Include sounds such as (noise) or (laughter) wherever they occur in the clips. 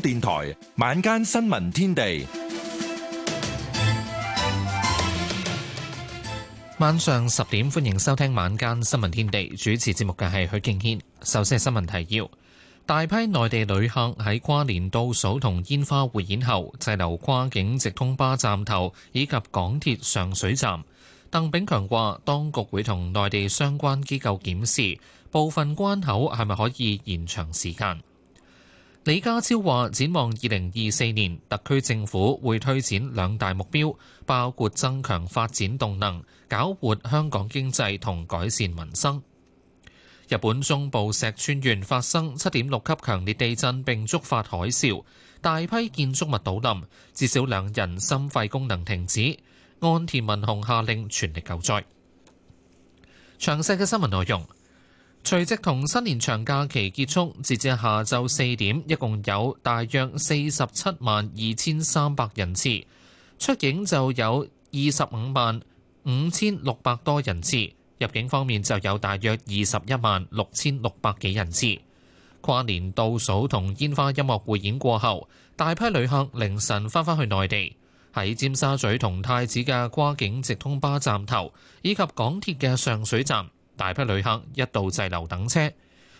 電台晚間新聞天地，晚上十點歡迎收聽晚間新聞天地。主持節目嘅係許敬軒。首先係新聞提要：大批內地旅客喺跨年倒數同煙花匯演後，滯留跨境直通巴站頭以及港鐵上水站。鄧炳強話，當局會同內地相關機構檢視部分關口係咪可以延長時間。李家超話：展望二零二四年，特區政府會推展兩大目標，包括增強發展動能、搞活香港經濟同改善民生。日本中部石川縣發生七點六級強烈地震並觸發海嘯，大批建築物倒冧，至少兩人心肺功能停止。岸田文雄下令全力救災。詳細嘅新聞內容。除夕同新年長假期結束，截至下晝四點，一共有大約四十七萬二千三百人次，出境就有二十五萬五千六百多人次；入境方面就有大約二十一萬六千六百幾人次。跨年倒數同煙花音樂匯演過後，大批旅客凌晨翻返去內地，喺尖沙咀同太子嘅跨境直通巴站頭，以及港鐵嘅上水站。大批旅客一度滯留等車，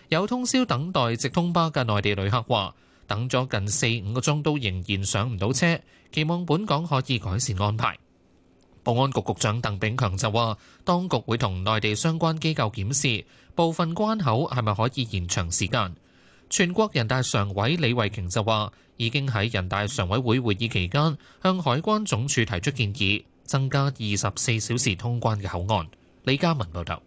有通宵等待直通巴嘅內地旅客話等咗近四五個鐘都仍然上唔到車，期望本港可以改善安排。保安局局長鄧炳強就話當局會同內地相關機構檢視部分關口係咪可以延長時間，全國人大常委李慧瓊就話已經喺人大常委會會議期間向海關總署提出建議，增加二十四小時通關嘅口岸。李嘉文報道。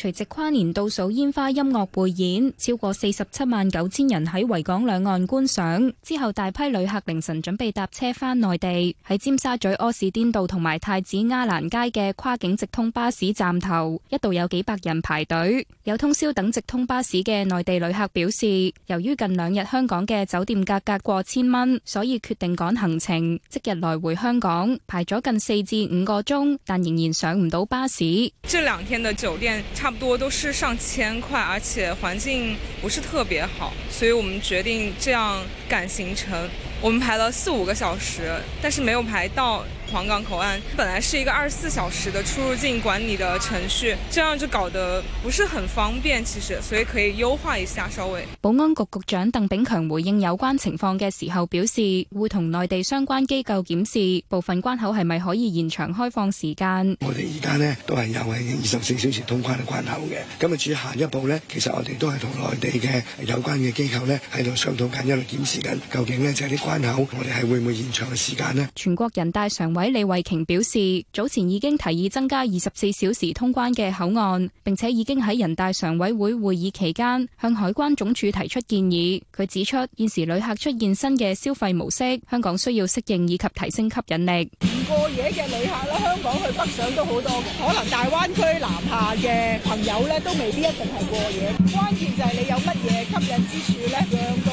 除夕跨年倒數煙花音樂匯演，超過四十七萬九千人喺維港兩岸觀賞。之後大批旅客凌晨準備搭車返內地，喺尖沙咀柯士甸道同埋太子鴉蘭街嘅跨境直通巴士站頭，一度有幾百人排隊。有通宵等直通巴士嘅內地旅客表示，由於近兩日香港嘅酒店價格過千蚊，所以決定趕行程，即日來回香港。排咗近四至五個鐘，但仍然上唔到巴士。這兩天嘅酒店。差不多都是上千塊，而且環境不是特別好，所以我們決定這樣趕行程。我們排了四五個小時，但是沒有排到。皇崗口岸本來是一個二十四小時的出入境管理的程序，這樣就搞得不是很方便，其實，所以可以優化一下。所謂保安局局長鄧炳強回應有關情況嘅時候表示，會同內地相關機構檢視部分關口係咪可以延長開放時間。我哋而家咧都係有係二十四小時通關嘅關口嘅，咁啊至於下一步咧，其實我哋都係同內地嘅有關嘅機構咧喺度商討緊一路檢視緊，究竟咧就係啲關口我哋係會唔會延長嘅時間咧？全國人大上。委李慧瓊表示，早前已經提議增加二十四小時通關嘅口岸，並且已經喺人大常委會會議期間向海關總署提出建議。佢指出，現時旅客出現新嘅消費模式，香港需要適應以及提升吸引力。唔過夜嘅旅客啦，香港去北上都好多，可能大灣區南下嘅朋友咧都未必一定係過夜。關鍵就係你有乜嘢吸引之處咧？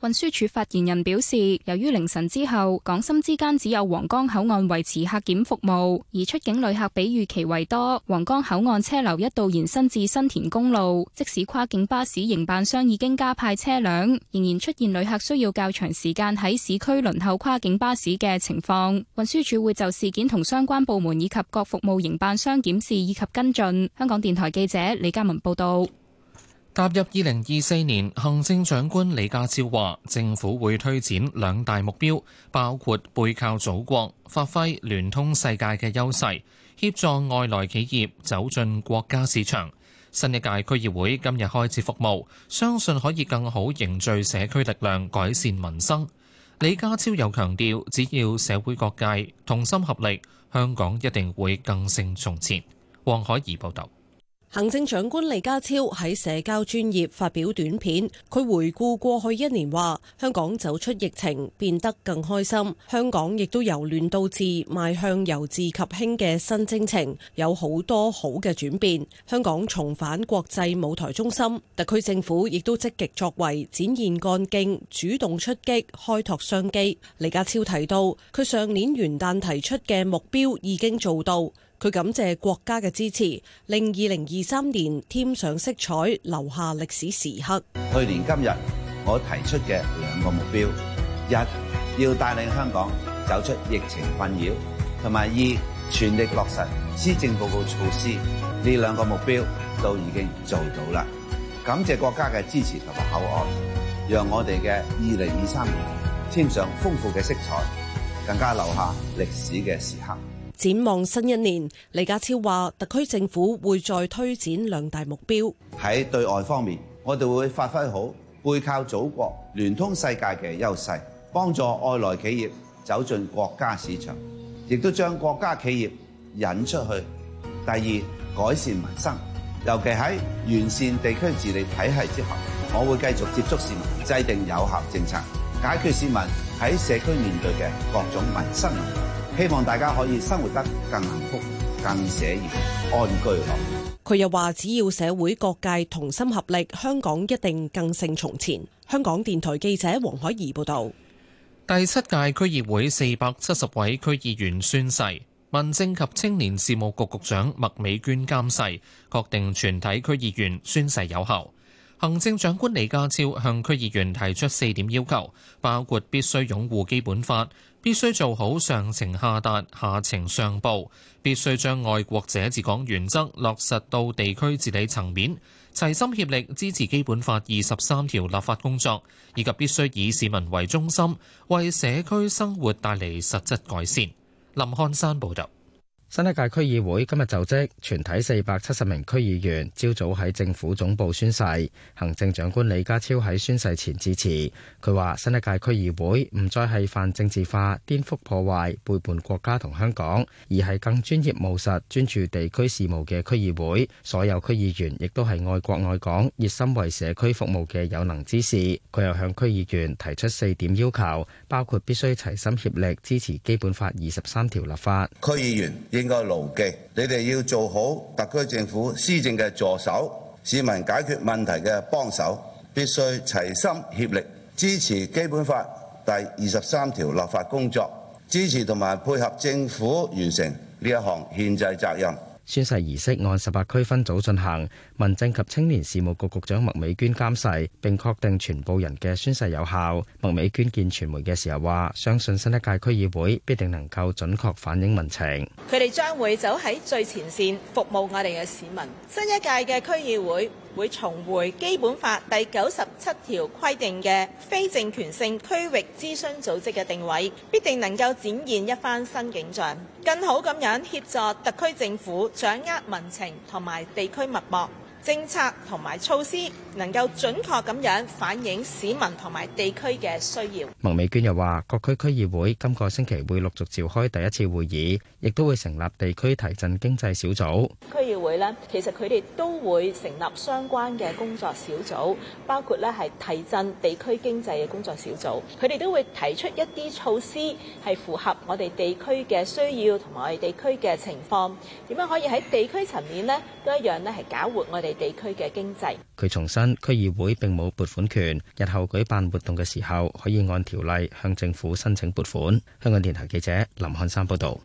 運輸署發言人表示，由於凌晨之後港深之間只有皇崗口岸維持客檢服務，而出境旅客比預期為多，皇崗口岸車流一度延伸至新田公路，即使跨境巴士營辦商已經加派車輛，仍然出現旅客需要較長時間喺市區輪候跨境巴士嘅情況。運輸署會就事件同相關部門以及各服務營辦商檢視以及跟進。香港電台記者李嘉文報道。踏入二零二四年，行政長官李家超話：政府會推展兩大目標，包括背靠祖國，發揮聯通世界嘅優勢，協助外來企業走進國家市場。新一屆區議會今日開始服務，相信可以更好凝聚社區力量，改善民生。李家超又強調，只要社會各界同心合力，香港一定會更勝從前。黃海怡報導。行政長官李家超喺社交專業發表短片，佢回顧過去一年話：香港走出疫情，變得更開心；香港亦都由亂到治，邁向由治及興嘅新征程，有好多好嘅轉變。香港重返國際舞台中心，特區政府亦都積極作為，展現幹勁，主動出擊，開拓商機。李家超提到，佢上年元旦提出嘅目標已經做到。佢感謝國家嘅支持，令二零二三年添上色彩，留下歷史時刻。去年今日，我提出嘅兩個目標：一要帶領香港走出疫情困擾，同埋二全力落實施政報告措施。呢兩個目標都已經做到啦。感謝國家嘅支持同埋厚愛，讓我哋嘅二零二三年添上豐富嘅色彩，更加留下歷史嘅時刻。展望新一年，李家超話特區政府會再推展兩大目標。喺對外方面，我哋會發揮好背靠祖國、聯通世界嘅優勢，幫助外來企業走進國家市場，亦都將國家企業引出去。第二，改善民生，尤其喺完善地區治理體系之後，我會繼續接觸市民，制定有效政策，解決市民喺社區面對嘅各種民生問題。希望大家可以生活得更幸福、更寫意、安居樂業。佢又話：只要社會各界同心合力，香港一定更勝從前。香港電台記者黃海怡報導。第七屆區議會四百七十位區議員宣誓，民政及青年事務局局，局長麥美娟監誓，確定全體區議員宣誓有效。行政長官李家超向區議員提出四點要求，包括必須擁護基本法，必須做好上情下達、下情上報，必須將愛國者治港原則落實到地區治理層面，齊心協力支持基本法二十三條立法工作，以及必須以市民為中心，為社區生活帶嚟實質改善。林漢山報導。新一屆區議會今日就職，全體四百七十名區議員朝早喺政府總部宣誓。行政長官李家超喺宣誓前致辭，佢話新一屆區議會唔再係泛政治化、顛覆破壞、背叛國家同香港，而係更專業務實、專注地區事務嘅區議會。所有區議員亦都係愛國愛港、熱心為社區服務嘅有能之士。佢又向區議員提出四點要求，包括必須齊心協力支持基本法二十三條立法。區議員。應該牢記，你哋要做好特區政府施政嘅助手，市民解決問題嘅幫手，必須齊心協力，支持基本法第二十三條立法工作，支持同埋配合政府完成呢項憲制責任。宣誓儀式按十八區分組進行，民政及青年事務局局長麥美娟監誓，並確定全部人嘅宣誓有效。麥美娟見傳媒嘅時候話，相信新一屆區議會必定能夠準確反映民情，佢哋將會走喺最前線服務我哋嘅市民。新一屆嘅區議會。會重回《基本法》第九十七條規定嘅非政權性區域諮詢組織嘅定位，必定能夠展現一番新景象，更好咁樣協助特區政府掌握民情同埋地區脈搏。政策同埋措施能夠準確咁樣反映市民同埋地區嘅需要。麥美娟又話：各區區議會今個星期會陸續召開第一次會議，亦都會成立地區提振經濟小組。區議會咧，其實佢哋都會成立相關嘅工作小組，包括咧係提振地區經濟嘅工作小組。佢哋都會提出一啲措施係符合我哋地區嘅需要同埋我哋地區嘅情況。點樣可以喺地區層面咧都一樣咧係搞活我哋地區嘅經濟，佢重申區議會並冇撥款權，日後舉辦活動嘅時候可以按條例向政府申請撥款。香港電台記者林漢山報道。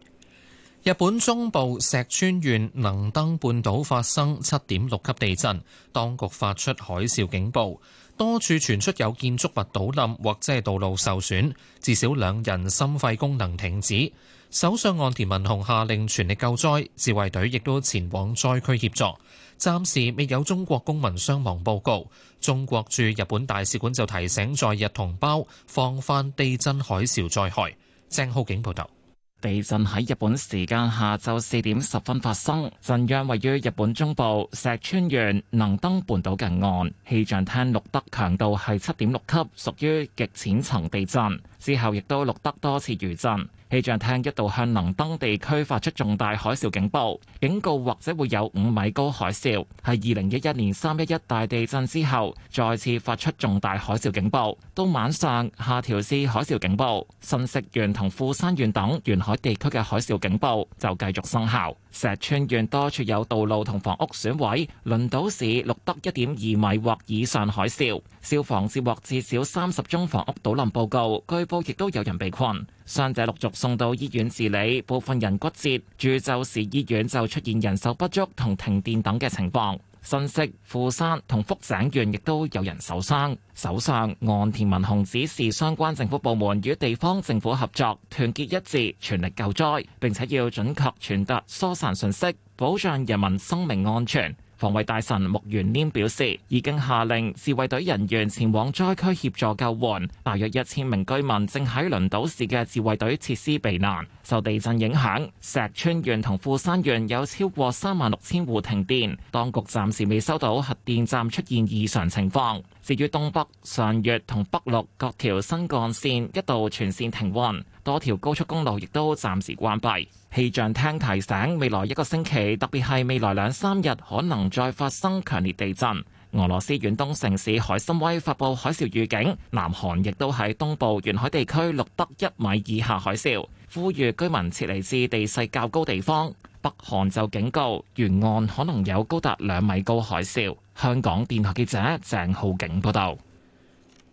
日本中部石川縣能登半島發生七點六級地震，當局發出海嘯警報，多處傳出有建築物倒冧或者係道路受損，至少兩人心肺功能停止。首相岸田文雄下令全力救災，自衛隊亦都前往災區協助。暫時未有中國公民傷亡報告。中國駐日本大使館就提醒在日同胞防範地震海嘯災害。鄭浩景報道：「地震喺日本時間下晝四點十分發生，震央位於日本中部石川縣能登半島近岸。氣象廳錄得強度係七點六級，屬於極淺層地震。之後亦都錄得多次餘震。氣象廳一度向能登地區發出重大海嘯警報，警告或者會有五米高海嘯。係二零一一年三一一大地震之後，再次發出重大海嘯警報。到晚上下調至海嘯警報，新潟縣同富山縣等沿海地區嘅海嘯警報就繼續生效。石川縣多處有道路同房屋損毀，輪島市錄得一點二米或以上海嘯，消防接獲至少三十宗房屋倒冧報告，據報亦都有人被困，傷者陸續，送到醫院治理，部分人骨折。珠洲市醫院就出現人手不足同停電等嘅情況。新潟、富山同福井縣亦都有人受傷。首相岸田文雄指示相關政府部門與地方政府合作，團結一致，全力救災，並且要準確傳達疏散信息，保障人民生命安全。防衛大臣木原稔表示，已經下令自衛隊人員前往災區協助救援，大約一千名居民正喺輪島市嘅自衛隊設施避難。受地震影響，石川縣同富山縣有超過三萬六千戶停電，當局暫時未收到核電站出現異常情況。至於東北上越同北陸各條新幹線一度全線停運，多條高速公路亦都暫時關閉。氣象廳提醒未來一個星期，特別係未來兩三日，可能再發生強烈地震。俄羅斯遠東城市海參崴發布海嘯預警，南韓亦都喺東部沿海地區錄得一米以下海嘯，呼籲居民撤離至地勢較高地方。北韓就警告沿岸可能有高達兩米高海嘯。香港電台記者鄭浩景報道，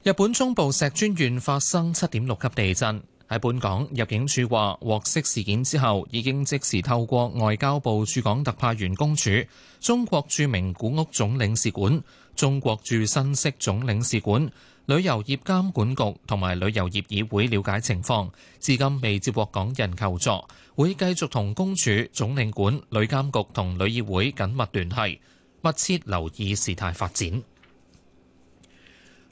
日本中部石川縣發生七點六級地震。喺本港入境處話，獲悉事件之後，已經即時透過外交部駐港特派員公署、中國駐名古屋總領事館、中國駐新潟總領事館、旅遊業監管局同埋旅遊業議會了解情況。至今未接獲港人求助，會繼續同公署、總領館、旅監局同旅議會緊密聯繫，密切留意事態發展。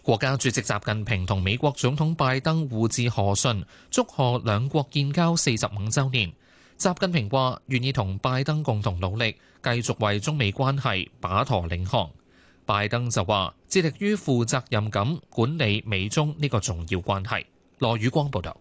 國家主席習近平同美國總統拜登互致賀信，祝賀兩國建交四十五週年。習近平話願意同拜登共同努力，繼續為中美關係把舵領航。拜登就話致力於負責任咁管理美中呢個重要關係。羅宇光報道。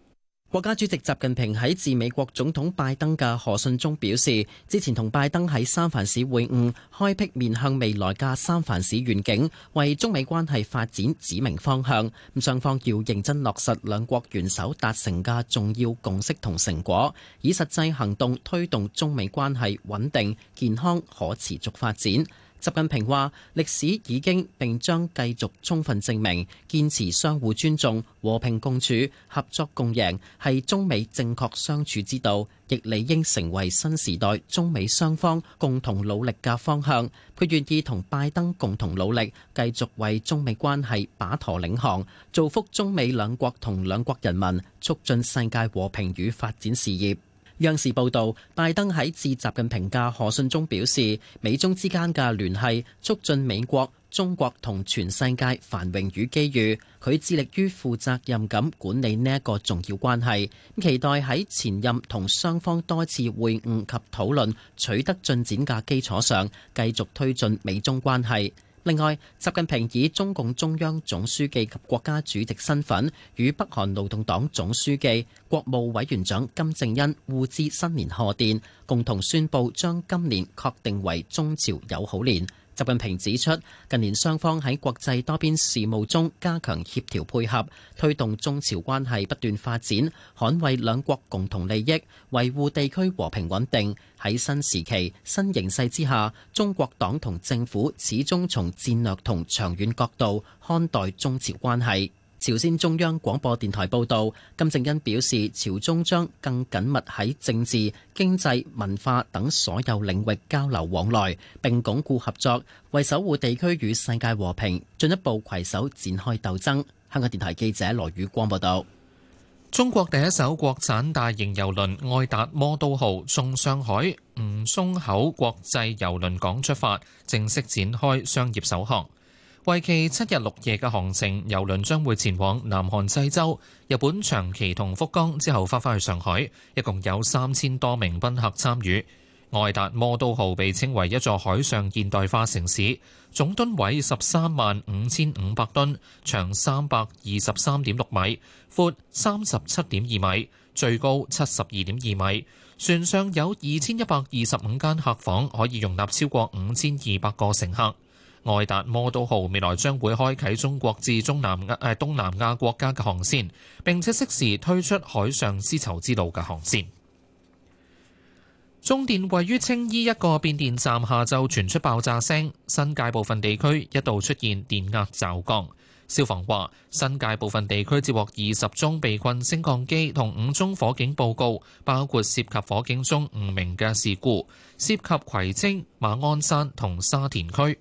國家主席習近平喺致美國總統拜登嘅賀信中表示，之前同拜登喺三藩市會晤，開闢面向未來嘅三藩市願景，為中美關係發展指明方向。咁雙方要認真落實兩國元首達成嘅重要共識同成果，以實際行動推動中美關係穩定、健康、可持續發展。習近平話：歷史已經並將繼續充分證明，堅持相互尊重、和平共處、合作共贏，係中美正確相處之道，亦理應成為新時代中美雙方共同努力嘅方向。佢願意同拜登共同努力，繼續為中美關係把舵領航，造福中美兩國同兩國人民，促進世界和平與發展事業。央視報導，拜登喺致習近平嘅賀信中表示，美中之間嘅聯繫促進美國、中國同全世界繁榮與機遇。佢致力於負責任咁管理呢一個重要關係，期待喺前任同雙方多次會晤及討論取得進展嘅基礎上，繼續推進美中關係。另外，習近平以中共中央總書記及國家主席身份，與北韓勞動黨總書記國務委員長金正恩互致新年賀電，共同宣布將今年確定為中朝友好年。習近平指出，近年雙方喺國際多邊事務中加強協調配合，推動中朝關係不斷發展，捍衛兩國共同利益，維護地區和平穩定。喺新時期、新形勢之下，中國黨同政府始終從戰略同長遠角度看待中朝關係。朝鮮中央廣播電台報導，金正恩表示，朝中將更緊密喺政治、經濟、文化等所有領域交流往來，並鞏固合作，為守護地區與世界和平，進一步攜手展開鬥爭。香港電台記者羅宇光報導。中國第一艘國產大型郵輪愛達魔都號從上海吳淞口國際郵輪港出發，正式展開商業首航。為期七日六夜嘅航程，郵輪將會前往南韓濟州、日本長崎同福岡，之後翻返去上海。一共有三千多名賓客參與。愛達魔都號被稱為一座海上現代化城市，總噸位十三萬五千五百噸，長三百二十三點六米，闊三十七點二米，最高七十二點二米。船上有二千一百二十五間客房，可以容納超過五千二百個乘客。愛達魔都號未來將會開啓中國至中南亞、誒、啊、東南亞國家嘅航線，並且適時推出海上絲綢之路嘅航線。中電位於青衣一個變電站下晝傳出爆炸聲，新界部分地區一度出現電壓驟降。消防話，新界部分地區接獲二十宗被困升降機同五宗火警報告，包括涉及火警中唔明嘅事故，涉及葵青、馬鞍山同沙田區。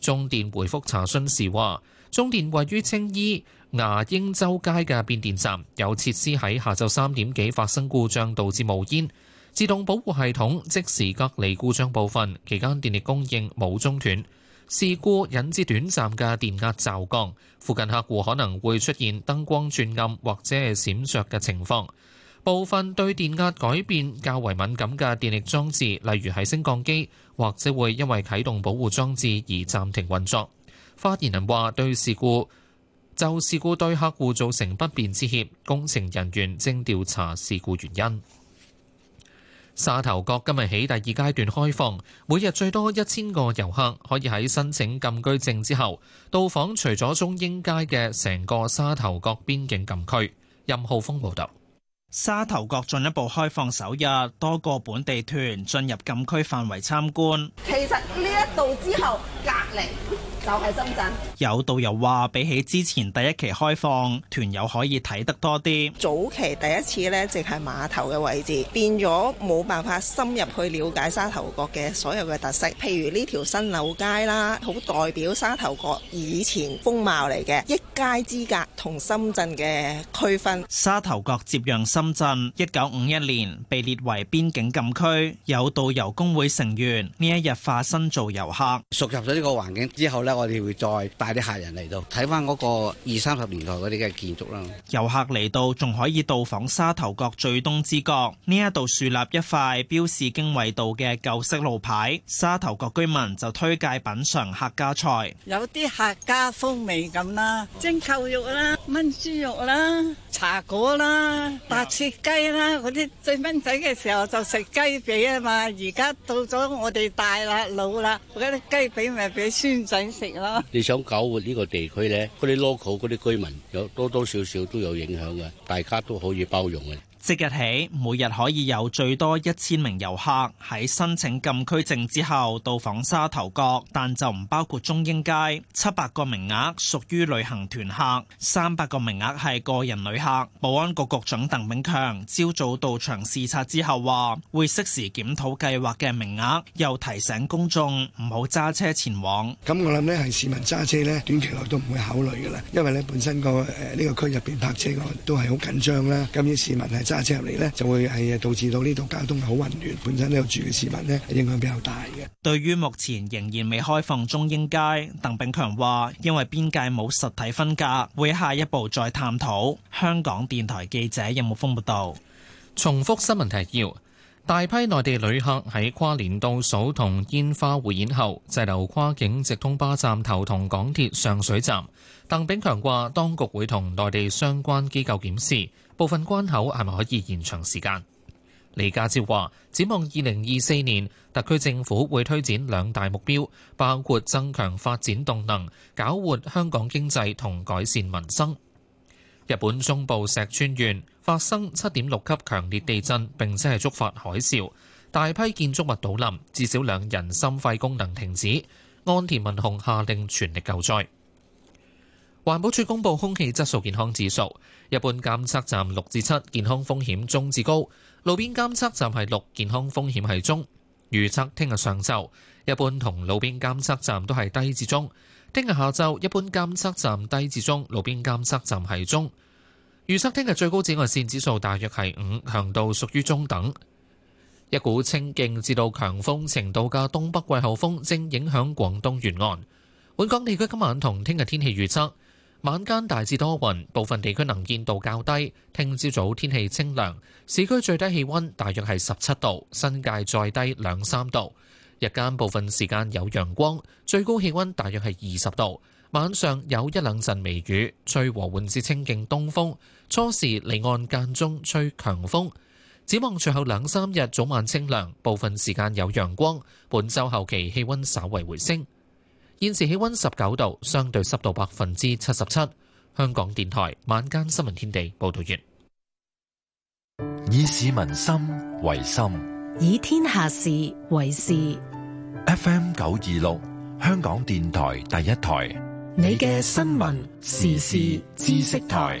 中電回覆查詢時話，中電位於青衣牙鷹洲街嘅變電站有設施喺下晝三點幾發生故障，導致冒煙，自動保護系統即時隔離故障部分，期間電力供應冇中斷。事故引致短暫嘅電壓驟降，附近客戶可能會出現燈光轉暗或者係閃爍嘅情況。部分對電壓改變較為敏感嘅電力裝置，例如係升降機，或者會因為啟動保護裝置而暫停運作。發言人話：對事故就事故對客戶造成不便致歉，工程人員正調查事故原因。沙頭角今日起第二階段開放，每日最多一千個遊客可以喺申請禁居證之後到訪，除咗中英街嘅成個沙頭角邊境禁區。任浩峰報導。沙頭角進一步開放首日，多個本地團進入禁區範圍參觀。其實呢一度之後，隔離。有導遊話：比起之前第一期開放，團友可以睇得多啲。早期第一次呢，淨係碼頭嘅位置，變咗冇辦法深入去了解沙頭角嘅所有嘅特色，譬如呢條新樓街啦，好代表沙頭角以前風貌嚟嘅。一街之隔同深圳嘅區分。沙頭角接壤深圳，一九五一年被列為邊境禁區。有導遊工會成員呢一日化身做遊客，熟入咗呢個環境之後咧。我哋會再帶啲客人嚟到睇翻嗰個二三十年代嗰啲嘅建築啦。遊客嚟到仲可以到訪沙頭角最東之角，呢一度樹立一塊標示經緯度嘅舊式路牌。沙頭角居民就推介品嚐客家菜，有啲客家風味咁啦，蒸扣肉啦，炆豬肉啦，茶果啦，白切雞啦。嗰啲細蚊仔嘅時候就食雞髀啊嘛，而家到咗我哋大啦老啦，嗰啲雞髀咪俾孫仔。你想搞活呢個地區咧，嗰啲 local 嗰啲居民有多多少少都有影響嘅，大家都可以包容嘅。即日起，每日可以有最多一千名遊客喺申請禁區證之後到訪沙頭角，但就唔包括中英街。七百個名額屬於旅行團客，三百個名額係個人旅客。保安局局長鄧炳強朝早到場視察之後話，會適時檢討計劃嘅名額，又提醒公眾唔好揸車前往。咁我諗咧係市民揸車咧，短期內都唔會考慮噶啦，因為咧本身個誒呢個區入邊泊車個都係好緊張啦，咁於市民係。揸車入嚟呢就會係導致到呢度交通好混亂。本身呢度住嘅市民咧，影響比較大嘅。對於目前仍然未開放中英街，鄧炳強話：因為邊界冇實體分隔，會下一步再探討。香港電台記者任木峯報道。重複新聞提要：大批內地旅客喺跨年倒數同煙花匯演後，滯留跨境直通巴站頭同港鐵上水站。鄧炳強話：當局會同內地相關機構檢視。部分關口係咪可以延長時間？李家超話：展望二零二四年，特區政府會推展兩大目標，包括增強發展動能、搞活香港經濟同改善民生。日本中部石川縣發生七點六級強烈地震，並且係觸發海嘯，大批建築物倒冧，至少兩人心肺功能停止。安田文雄下令全力救災。環保署公布空氣質素健康指數，一般監測站六至七，健康風險中至高；路邊監測站係六，健康風險係中。預測聽日上晝，一般同路邊監測站都係低至中；聽日下晝，一般監測站低至中，路邊監測站係中。預測聽日最高紫外綫指數大約係五，強度屬於中等。一股清勁至到強風程度嘅東北季候風正影響廣東沿岸，本港地區今晚同聽日天氣預測。晚間大致多雲，部分地區能見度較低。聽朝早天氣清涼，市區最低氣温大約係十七度，新界再低兩三度。日間部分時間有陽光，最高氣温大約係二十度。晚上有一兩陣微雨，吹和緩至清勁東風，初時離岸間中吹強風。展望隨後兩三日早晚清涼，部分時間有陽光。本周後期氣温稍為回升。現時氣温十九度，相對濕度百分之七十七。香港電台晚間新聞天地報道完。以市民心為心，以天下事為事。FM 九二六，香港電台第一台。你嘅新聞時事知識台。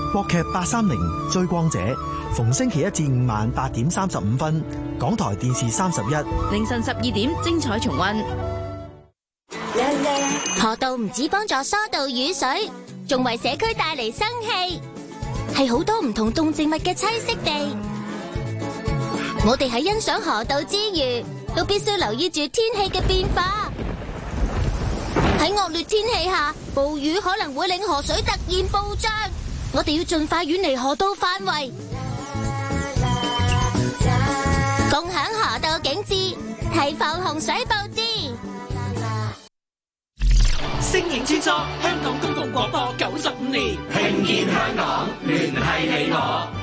國劇八三零追光者，逢星期一至五晚八點三十五分，港台電視三十一。凌晨十二點，精彩重温。河道唔止幫助疏導雨水，仲為社區帶嚟生氣，係好多唔同動植物嘅棲息地。我哋喺欣賞河道之餘，都必須留意住天氣嘅變化。喺惡劣天氣下，暴雨可能會令河水突然暴漲。我哋要盡快遠離河道範圍，共享河道景致，提防洪水暴至。聲影之初，香港公共廣播九十五年，聽見香港，聯繫你我。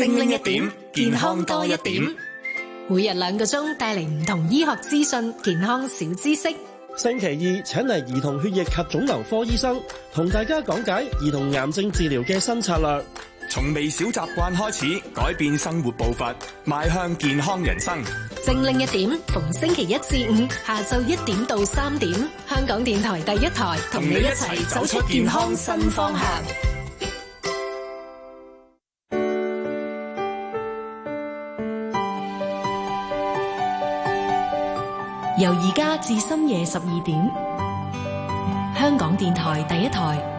精靈一點，健康多一點。每日兩個鐘，帶嚟唔同醫學資訊、健康小知識。星期二，請嚟兒童血液及腫瘤科醫生同大家講解兒童癌症治療嘅新策略。從微小習慣開始，改變生活步伐，邁向健康人生。精靈一點，逢星期一至五下晝一點到三點，香港電台第一台，同你一齊走出健康新方向。由而家至深夜十二點，香港電台第一台。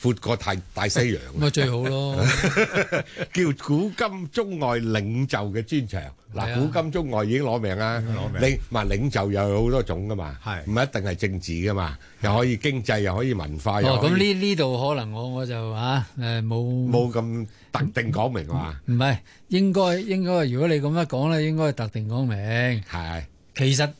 闊過太大西洋，咪最好咯，叫古今中外領袖嘅專長。嗱，古今中外已經攞命啦，攞命。領，咪領袖又有好多種噶嘛，係唔係一定係政治噶嘛？又可以經濟，又可以文化。哦，咁呢呢度可能我我就話，誒冇冇咁特定講明啊？唔係，應該應該，如果你咁樣講咧，應該係特定講明。係，其實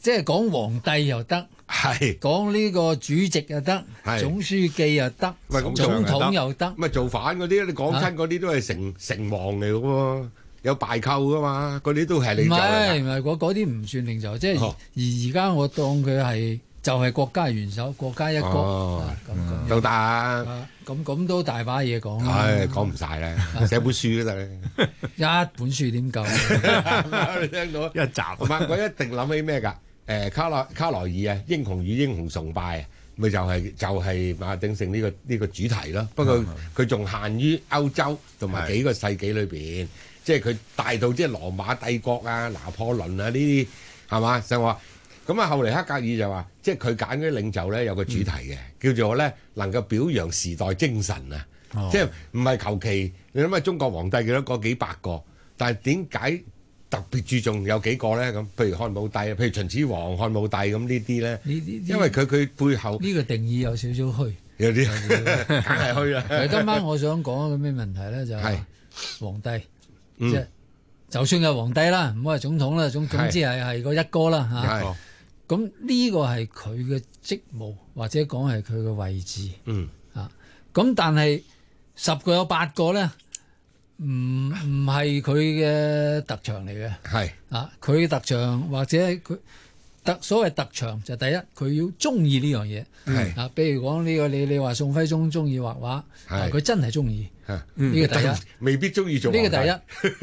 即係講皇帝又得。係講呢個主席又得，總書記又得，總統又得，咪造反嗰啲，你講親嗰啲都係成成王嚟噶喎，有敗寇噶嘛，嗰啲都係領袖嚟噶。唔係唔係，嗰嗰啲唔算領袖，即係而而家我當佢係就係國家元首，國家一國都得。咁咁都大把嘢講啦，唉，講唔晒啦，寫本書都得，一本書點夠？你聽到一集唔係，我一定諗起咩噶？誒、欸、卡洛卡萊爾啊，英雄與英雄崇拜啊，咪就係、是、就係、是、馬鼎盛呢個呢、這個主題咯。不過佢仲的限於歐洲同埋幾個世紀裏邊，的即係佢大到即係羅馬帝國啊、拿破崙啊呢啲係嘛？就話咁啊，後嚟黑格爾就話，即係佢揀啲領袖咧有個主題嘅，嗯、叫做咧能夠表揚時代精神啊，哦、即係唔係求其你諗下中國皇帝幾多個幾百個，但係點解？特別注重有幾個咧咁，譬如漢武帝，譬如秦始皇、漢武帝咁呢啲咧。呢啲因為佢佢背後呢個定義有少少虛。有啲有啲梗係虛啦。今晚我想講一個咩問題咧？就係皇帝，即係就算係皇帝啦，唔好係總統啦，總總之係係個一哥啦嚇。咁呢個係佢嘅職務，或者講係佢嘅位置。嗯啊，咁但係十個有八個咧。唔唔係佢嘅特長嚟嘅，係是啊，佢嘅特長或者佢特所謂特長就是、第一，佢要中意呢樣嘢，係是啊，譬如講呢、這個你你話宋徽宗中意畫畫，佢是真係中意，呢、嗯、個第一，未必中意做呢個第一，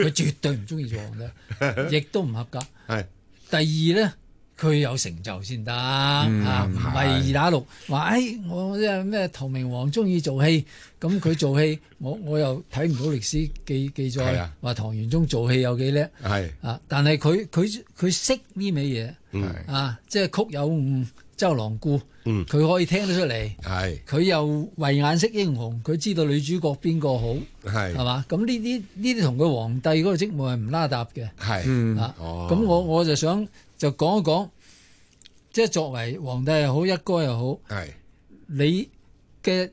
佢絕對唔中意做皇帝，亦 (laughs) 都唔合格。係是第二咧。佢有成就先得㗎，唔係二打六。話誒，我即係咩唐明皇中意做戲，咁佢做戲，我我又睇唔到歷史記記載話唐玄宗做戲有幾叻。係啊，但係佢佢佢識呢味嘢啊，即係曲有誤，周郎顧。嗯，佢可以聽得出嚟。係，佢又慧眼識英雄，佢知道女主角邊個好。係，係嘛？咁呢啲呢啲同佢皇帝嗰個職務係唔拉搭嘅。係，嗱，咁我我就想。就講一講，即係作為皇帝又好，一哥又好，你嘅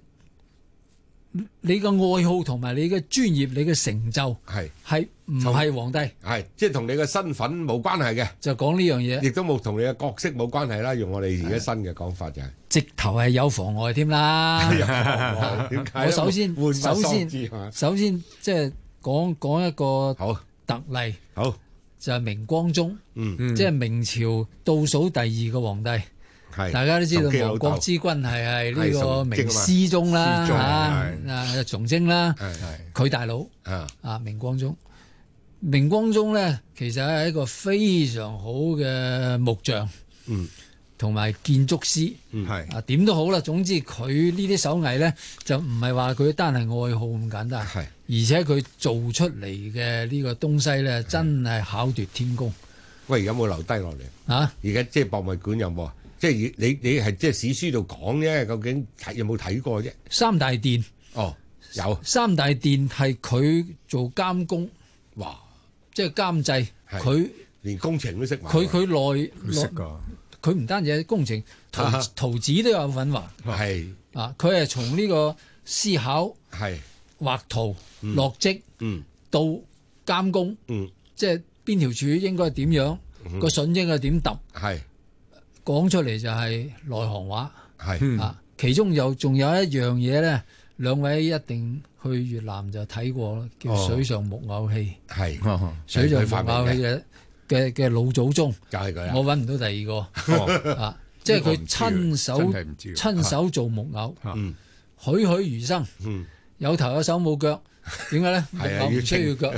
你嘅愛好同埋你嘅專業，你嘅成就係係唔係皇帝？係，即係同你嘅身份冇關係嘅。就講呢樣嘢，亦都冇同你嘅角色冇關係啦。用我哋而家新嘅講法就係，直頭係有妨礙添啦。點解？我首先首先首先即係講講一個特例。好。就係明光宗，即係明朝倒數第二個皇帝，係大家都知道亡國之君係係呢個明思宗啦，啊崇禎啦，佢大佬啊明光宗。明光宗咧其實係一個非常好嘅木匠，嗯，同埋建築師，嗯係啊點都好啦，總之佢呢啲手藝咧就唔係話佢單係愛好咁簡單。而且佢做出嚟嘅呢個東西咧，真係巧奪天工。哈哈喂，而家有冇留低落嚟啊？而家即係博物館有冇啊？即係你你係即係史書度講啫，究竟睇有冇睇過啫？三大殿哦，oh, 有三大殿係佢做監工，哇！即係監製，佢連工程都識。佢佢內佢識㗎，佢唔單止係工程，圖圖紙都有份畫。係啊，佢係從呢個思考係。畫圖落職，到監工，即係邊條柱應該點樣，個笋應該點揼，係講出嚟，就係內行話。係啊，其中有仲有一樣嘢咧，兩位一定去越南就睇過啦，叫水上木偶戲。係水上木偶戲嘅嘅嘅老祖宗，就係佢。我搵唔到第二個啊，即係佢親手親手做木偶，栩栩如生。有頭有手冇腳，點解咧？係唔需要腳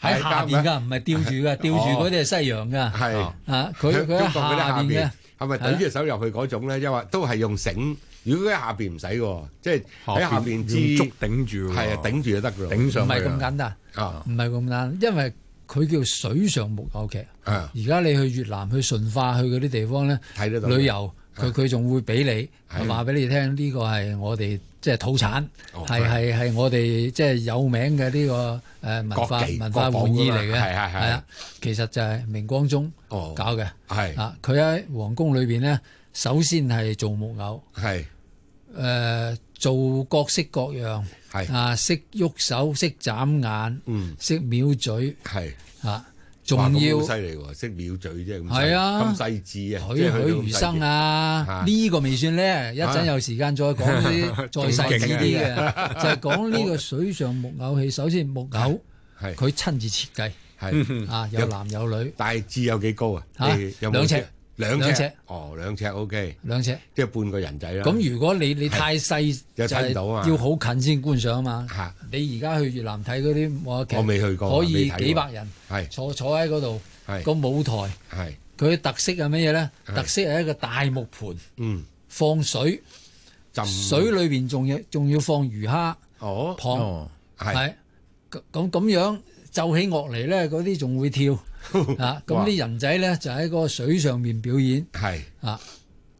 喺下邊噶，唔係吊住噶，吊住嗰啲係西洋噶。係啊，佢嗰啲下邊係咪懟住手入去嗰種咧？因為都係用繩。如果喺下邊唔使喎，即係喺下邊支竹頂住。係啊，頂住就得嘅。頂上唔係咁簡單，唔係咁簡單，因為佢叫水上木偶劇。而家你去越南、去順化、去嗰啲地方咧，睇旅遊佢佢仲會俾你話俾你聽，呢個係我哋。即係土產，係係係我哋即係有名嘅呢個誒文化文化玩意嚟嘅，係啊，其實就係明光宗哦搞嘅，係啊，佢喺皇宮裏邊咧，首先係做木偶，係誒做各式各樣，係啊，識喐手，識眨眼，嗯，識瞄嘴，係啊。仲要犀利喎，識藐嘴啫咁，係啊，咁細緻啊！栩栩如生啊！呢個未算咧，一陣有時間再講啲再細緻啲嘅，就係講呢個水上木偶戲。首先木偶，佢親自設計，係啊，有男有女。大致有幾高啊？兩尺。兩尺哦，兩尺 OK，兩尺即係半個人仔啦。咁如果你你太細，浸到啊，要好近先觀賞啊嘛。嚇，你而家去越南睇嗰啲，我未去過，可以幾百人係坐坐喺嗰度，個舞台係佢特色係乜嘢咧？特色係一個大木盆，嗯，放水浸，水裏邊仲要仲要放魚蝦，哦，螃蟹，係咁咁樣奏起樂嚟咧，嗰啲仲會跳。吓，咁啲人仔咧就喺個水上邊表演，係吓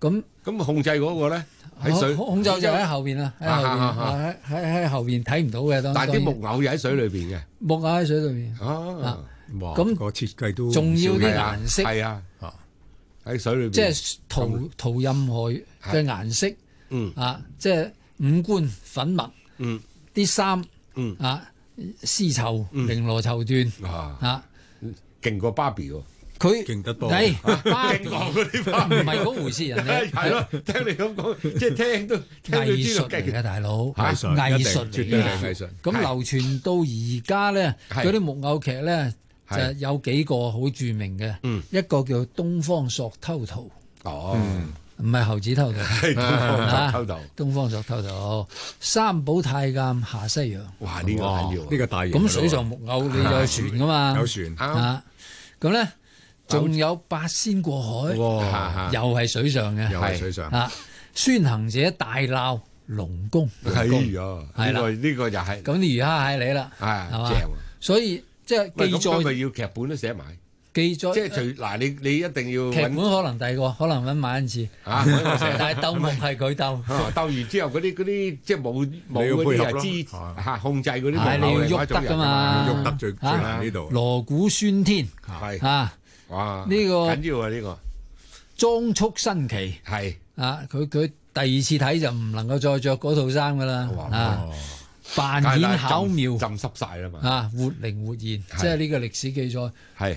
咁，咁控制嗰個咧喺水控制就喺後邊啦，喺喺喺後邊睇唔到嘅。但係啲木偶又喺水裏邊嘅，木偶喺水裏邊。咁哇，個設計都重要啲顏色係啊，喺水裏邊即係塗塗任何嘅顏色，啊，即係五官粉墨，啲衫，嗯啊，絲綢綾羅綢緞啊。勁過芭比喎，佢勁得多。唔係嗰回事人，係咯。聽你咁講，即係聽都。藝術嚟嘅，大佬，藝術，藝術嚟嘅。咁流傳到而家咧，嗰啲木偶劇咧就有幾個好著名嘅，一個叫《東方朔偷桃》。哦。唔係猴子偷桃，東方朔偷桃。東方朔偷桃，三寶太監下西洋。哇！呢個緊要，呢個大嘢。咁水上木偶你有船噶嘛？有船。啊，咁咧仲有八仙過海，又係水上嘅。又係水上。啊，孫行者大鬧龍宮。哎呀，係啦，呢個又係。咁而家係你啦，係嘛？所以即係，記載。佢要劇本都寫埋。記載即係隨嗱，你你一定要劇本，可能第二個，可能搵馬一次，啊，但係斗木係佢鬥，鬥完之後嗰啲啲即係冇冇配合控制嗰啲，係你要喐得噶嘛，喐得最緊要啦，鑼鼓喧天呢個緊要啊，呢個裝束新奇係啊，佢佢第二次睇就唔能夠再着嗰套衫噶啦，扮演巧妙浸濕晒啦嘛，啊，活靈活現即係呢個歷史記載係。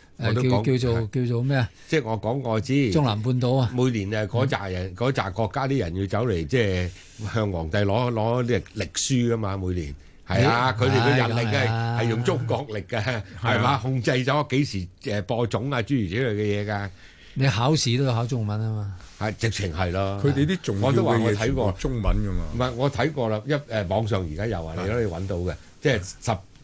叫叫做叫做咩啊？即係我講過我知。中南半島啊，每年誒嗰扎人、嗰扎國家啲人要走嚟，即係向皇帝攞攞啲歷書啊嘛。每年係啊，佢哋嘅人力係係用中國力嘅，係嘛？控制咗幾時誒播種啊，諸如此類嘅嘢㗎。你考試都要考中文啊嘛。係直情係咯。佢哋啲重要嘅嘢，我都話我睇過中文㗎嘛。唔係我睇過啦，一誒網上而家又話你可以揾到嘅，即係十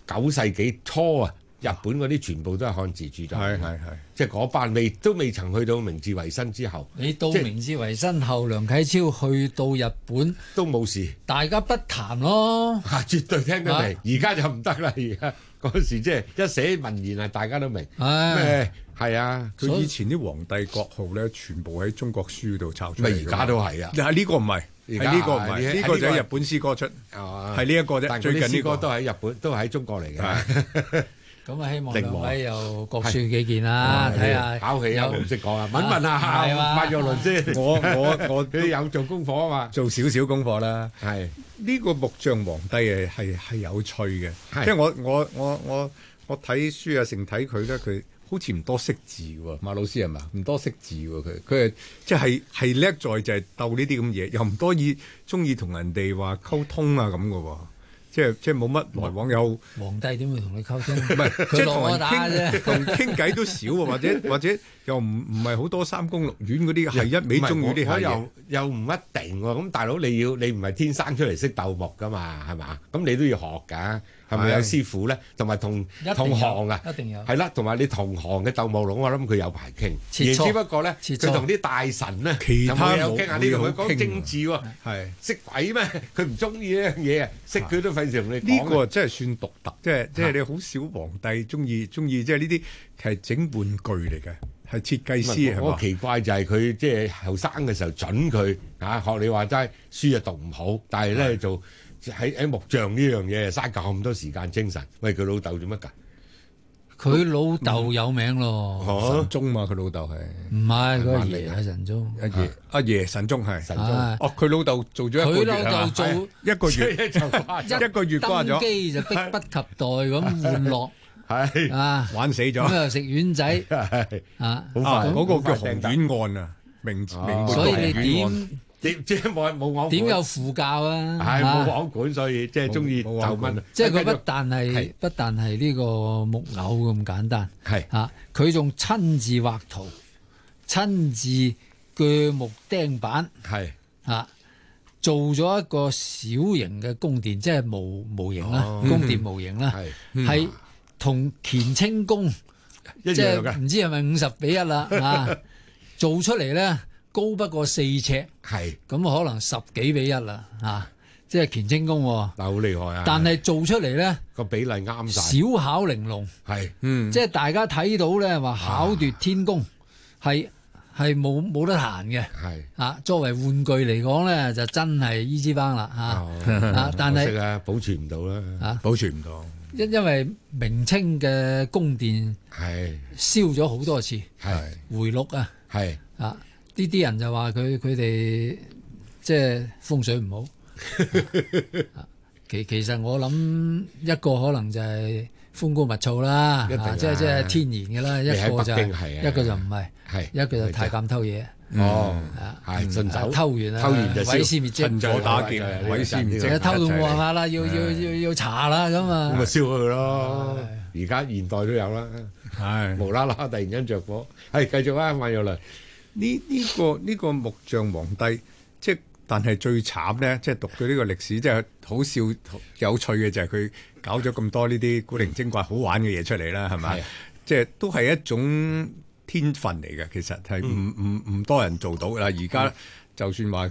九世紀初啊。日本嗰啲全部都係漢字著作，係係係，即係嗰班未都未曾去到明治維新之後。你到明治維新後，梁啟超去到日本都冇事。大家不談咯，嚇絕對聽得明。而家就唔得啦，而家嗰時即係一寫文言啊，大家都明。唉，係啊，佢以前啲皇帝國號咧，全部喺中國書度抄出嚟。而家都係啊，但呢個唔係，呢個唔係，呢個就係日本詩歌出，係呢一個啫。但係啲詩歌都喺日本，都喺中國嚟嘅。咁啊，希望兩位又各抒己見啦，睇下考起啊，唔識講啊，問問下下，發弱論先，我我我都有做功課嘛，做少少功課啦。係呢個木匠皇帝誒係係有趣嘅，即係我我我我我睇書啊成睇佢咧，佢好似唔多識字喎，馬老師係咪？唔多識字喎佢佢係即係係叻在就係鬥呢啲咁嘢，又唔多意中意同人哋話溝通啊咁嘅喎。即係即係冇乜來往，有皇帝點會同你溝通？唔係 (laughs) 是即係同我打啫，同傾偈都少喎，或者 (laughs) 或者又唔唔係好多三宮六院嗰啲係一味中意啲，是我又的又唔一定。咁大佬你要你唔係天生出嚟識鬥木㗎嘛，係嘛？咁你都要學㗎。係咪有師傅咧？同埋同同行啊，一定有。係啦，同埋你同行嘅鬥木佬，我諗佢有排傾。只不過咧，佢同啲大臣咧，其他有冇。你同佢講政治喎，係識鬼咩？佢唔中意呢樣嘢啊！識佢都費事同你。呢個真係算獨特，即係即係你好少皇帝中意中意即係呢啲係整玩具嚟嘅，係設計師好奇怪就係佢即係後生嘅時候準佢啊，學你話齋書又讀唔好，但係咧就。喺喺木匠呢樣嘢，嘥咁多時間精神，喂佢老豆做乜噶？佢老豆有名咯，神宗嘛，佢老豆係，唔係佢阿爺啊神宗，阿爺阿爺神宗係，神宗哦，佢老豆做咗一個月，佢老豆做一個月就一個月關咗機，就迫不及待咁玩樂，係啊玩死咗，咁又食丸仔啊，啊嗰個叫紅丸案啊，明明末紅丸案。點即係冇冇往點有副教啊？係冇王管，所以即係中意投奔。即係佢不但係不但係呢個木偶咁簡單，係啊，佢仲親自畫圖，親自鋸木釘板，係啊，做咗一個小型嘅宮殿，即係模模型啦，宮殿模型啦，係同乾清宮即係唔知係咪五十比一啦啊，做出嚟咧。高不過四尺，係咁可能十幾比一啦，嚇，即係乾清宮嗱，好厲害啊！但係做出嚟咧個比例啱晒，小巧玲瓏係，嗯，即係大家睇到咧話巧奪天工，係係冇冇得彈嘅，係啊，作為玩具嚟講咧就真係一支棒啦嚇啊，但係，啊，保存唔到啦，啊，保存唔到，因因為明清嘅宮殿係燒咗好多次，係回祿啊，係啊。呢啲人就話佢佢哋即係風水唔好，其其實我諗一個可能就係風高物燥啦，即即係天然嘅啦，一個就一個就唔係，一個就太監偷嘢，啊，順手偷完啦，鬼仙滅跡唔可打劫，鬼仙係偷到我下啦，要要要要查啦咁啊，咪燒佢咯，而家現代都有啦，係無啦啦突然間着火，係繼續啊，萬耀來。呢呢、這個呢、這個木匠皇帝，即係但係最慘咧，即係讀佢呢個歷史，即係好笑好有趣嘅就係、是、佢搞咗咁多呢啲古靈精怪、好玩嘅嘢出嚟啦，係咪？啊、即係都係一種天分嚟嘅，其實係唔唔唔多人做到啦，而家。嗯就算話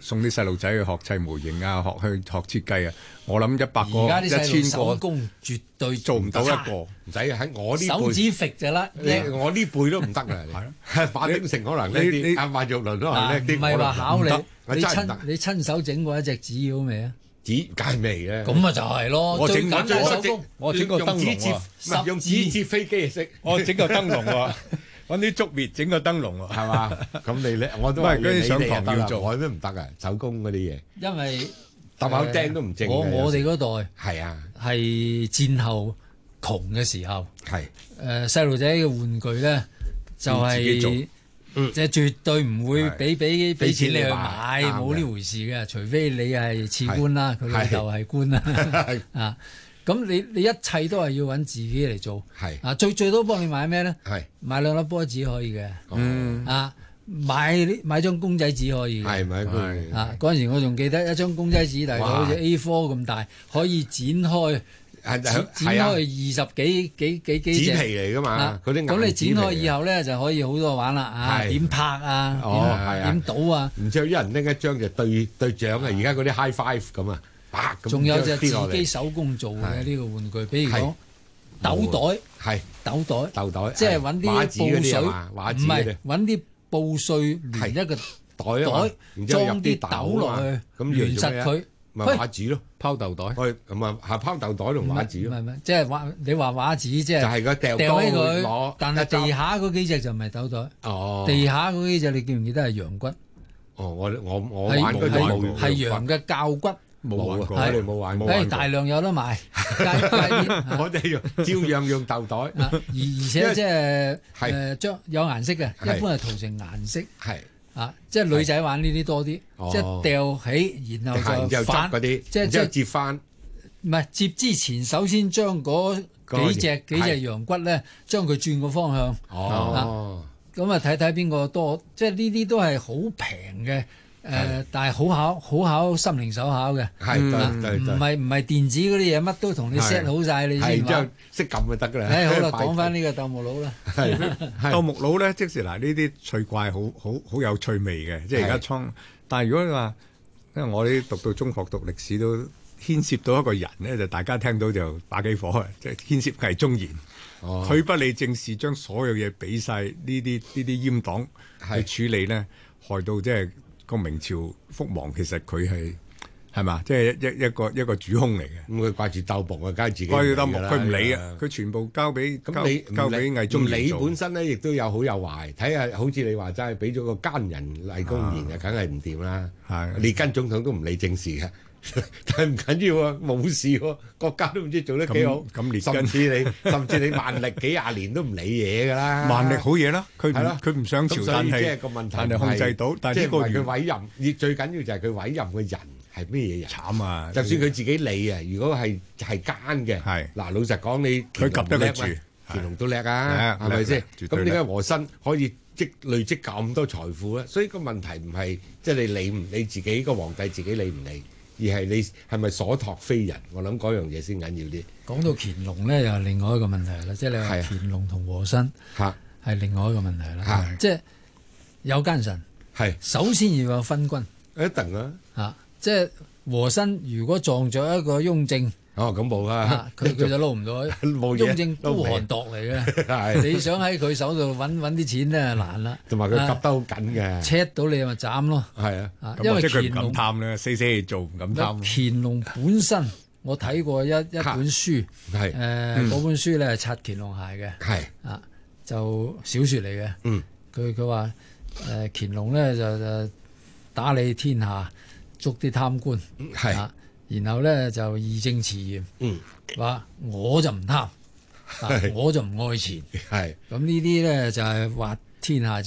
送啲細路仔去學砌模型啊，學去學設計啊，我諗一百個、一千個，手工絕對做唔到一個。唔使喺我呢輩，手指揈就啦。你我呢輩都唔得啦。係咯，馬鼎盛可能叻啲，阿馬玉龍都係叻啲，我都唔得。唔係話考你，你親你親手整過一隻紙鷂未啊？紙梗係未嘅。咁啊就係咯，我整緊手工，我整個燈籠喎。唔係用紙折飛機嚟識，我整個燈籠喎。揾啲竹篾整個燈籠喎，係嘛？咁你咧，我都唔係嗰啲上堂要做，我咩唔得啊？手工嗰啲嘢，因為搭口釘都唔正。我我哋嗰代係啊，係戰後窮嘅時候，係誒細路仔嘅玩具咧，就係即係絕對唔會俾俾俾錢你去買，冇呢回事嘅。除非你係次官啦，佢老豆係官啦啊。咁你你一切都係要揾自己嚟做，係啊，最最多幫你買咩咧？係買兩粒波子可以嘅，啊買買張公仔紙可以。係買公仔啊，嗰陣時我仲記得一張公仔紙大到好似 A4 咁大，可以剪開，剪開二十幾幾幾幾隻紙皮嚟㗎嘛。嗰啲硬紙嚟嘅。咁你剪開以後咧，就可以好多玩啦。啊點拍啊？哦係啊，點倒啊？唔知有啲人拎一張就對對獎啊！而家嗰啲 high five 咁啊！仲有就自己手工做嘅呢個玩具，比如講豆袋，係豆袋，即係搵啲布碎，唔係搵啲布碎，連一個袋，袋，然之後裝啲豆落去，完成佢。咪畫紙咯，拋豆袋，咁啊，拋豆袋同畫紙咯。唔係唔係，即係畫你畫畫紙，即係就係個掉喺佢，但係地下嗰幾隻就唔係豆袋。哦，地下嗰幾隻你記唔記得係羊骨？哦，我我我玩過玩過。係係係羊嘅臼骨。冇玩過，我哋冇玩過。大量有得買，我哋用，照樣用豆袋。而而且即係，係將有顏色嘅，一般係塗成顏色。係啊，即係女仔玩呢啲多啲，即係掉起，然後就翻嗰啲，即係接翻。唔係接之前，首先將嗰幾隻幾隻羊骨咧，將佢轉個方向。哦，咁啊，睇睇邊個多。即係呢啲都係好平嘅。誒，但係好考，好考心靈手巧嘅。係，唔係唔係電子嗰啲嘢，乜都同你 set 好晒，你先。然之後識撳就得啦。好啦，講翻呢個鬥木佬啦。係，鬥木佬咧，即係嗱，呢啲趣怪好好好有趣味嘅。即係而家倉。但係如果你話，因為我哋讀到中學讀歷史都牽涉到一個人咧，就大家聽到就打幾火，即係牽涉佢係忠賢。佢不理正事，將所有嘢俾晒呢啲呢啲閹黨去處理咧，害到即係。個明朝福王其實佢係係嘛，即係一一個一個主凶嚟嘅。咁佢掛住鬥博啊，梗係自己掛住鬥博，佢唔理啊，佢全部交俾咁你，交俾魏忠賢做。你本身咧亦都有好有壞，睇下好似你話齋，俾咗個奸人魏公然啊，梗係唔掂啦。係你跟總統都唔理政事嘅。但係唔緊要啊，冇事喎。國家都唔知做得幾好。甚至你甚至你萬歷幾廿年都唔理嘢噶啦。萬歷好嘢啦，佢佢唔上朝，但係但係控制到。但係佢委任，最緊要就係佢委任嘅人係咩嘢人？慘啊！就算佢自己理啊，如果係係奸嘅，嗱，老實講你佢夾得住乾隆都叻啊，係咪先？咁點解和珅可以積累積咁多財富咧？所以個問題唔係即係你理唔理自己個皇帝自己理唔理？而係你係咪所託非人？我諗嗰樣嘢先緊要啲。講到乾隆咧，又係另外一個問題啦。啊、即係你話乾隆同和珅，係另外一個問題啦。即係有奸臣，是首先要有昏君，一定啦、啊。嚇！即係和珅，如果撞咗一個雍正。哦，咁冇噶，佢佢就撈唔到，雍正孤寒度嚟嘅。你想喺佢手度揾揾啲錢咧，難啦。同埋佢夾得好緊嘅，check 到你咪斬咯。係啊，因為乾隆唔敢貪咧，死死做唔敢貪。乾隆本身我睇過一一本書，係誒嗰本書咧係拆乾隆鞋嘅，係啊就小說嚟嘅。嗯，佢佢話誒乾隆咧就就打理天下，捉啲貪官係。然後咧就義正辭嚴，嗯，話我就唔貪，的我就唔愛錢，係咁的呢啲咧就係話天下。